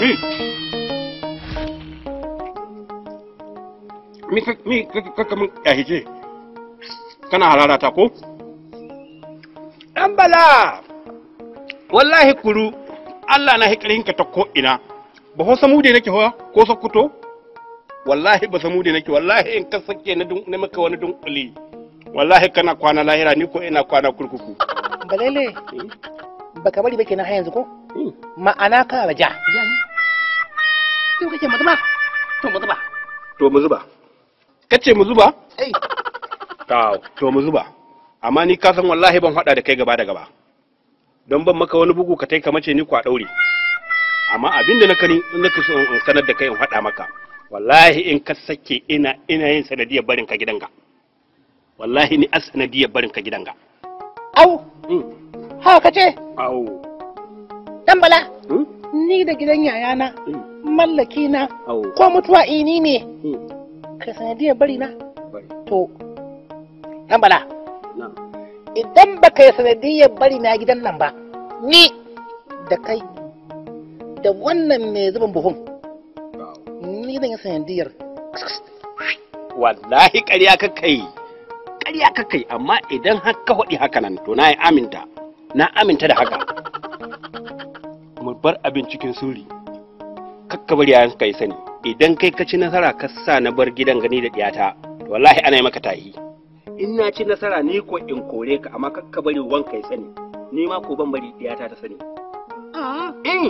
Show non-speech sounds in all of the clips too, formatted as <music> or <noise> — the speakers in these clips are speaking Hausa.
Hm. mi kaka mun yahice kana hararata ko ɗan bala wallahi kuru allah na ka ta ko'ina ba ho samu da nake ko sokoto wallahi ba samu da nake wallahi in ka sake na maka wani dunkuli wallahi kana kwana lahira ni ko ina kwana kurkuku balele hm. baka bari ba kenan har yanzu ko hm. ma'ana ka raja to kake mu zuba to mu zuba to mu zuba kace mu zuba eh to mu zuba amma ni wallahi ban hada da kai gaba da gaba don ban maka wani bugu ka tai ka mace ni kwa daure amma abin da naka ni naka so in sanar da kai in hada maka wallahi in ka sake ina ina yin sanadiyar barin ka gidanka wallahi ni as sanadiyar barin ka gidanka au hmm. ha kace au dan bala hmm? ni da gidan yayana hmm. mallake na ko mutuwa ini ne hmm. ka sanadiyar bari na to nan bala idan ba ka yi sanadiyar bari na gidan nan ba ni da kai da wannan mai zuban buhun ni zan yi sanadiyar wallahi ƙarya ka kai ƙarya ka kai amma idan haka hudi haka nan to na yi aminta na aminta da haka mu bar abin cikin sirri kakka bari yayan ka yi sani idan kai ka ci nasara ka sa na bar gidan gani da diyata wallahi ana yi maka tahi in na ci nasara ni ko in kore ka amma kakka bari wanka ya sani ni ma ko ban bari diyata ta sani eh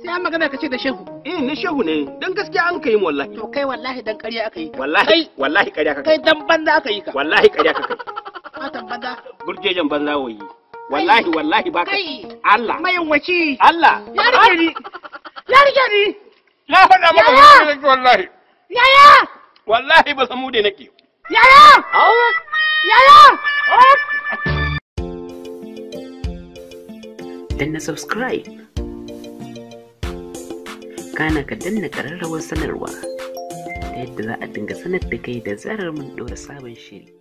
sai an magana ka ce da shehu eh na shehu ne dan gaskiya an kai wallahi to kai wallahi dan ƙarya aka yi ka wallahi wallahi ƙarya ka kai dan banza aka yi ka wallahi ƙarya ka kai <laughs> matan banza burjejen banza wayi wallahi wallahi baka Allah mayan wace Allah ya rike ni <laughs> ya rike ni Na faɗa maka samu nake wallahi. Yaya! Wallahi ba samu da nake. Yaya! Yaya! Danna subscribe. Kana ka danna ƙararrawar sanarwa ta yadda za a dinga sanar da kai da zarar mun ɗora sabon shiri.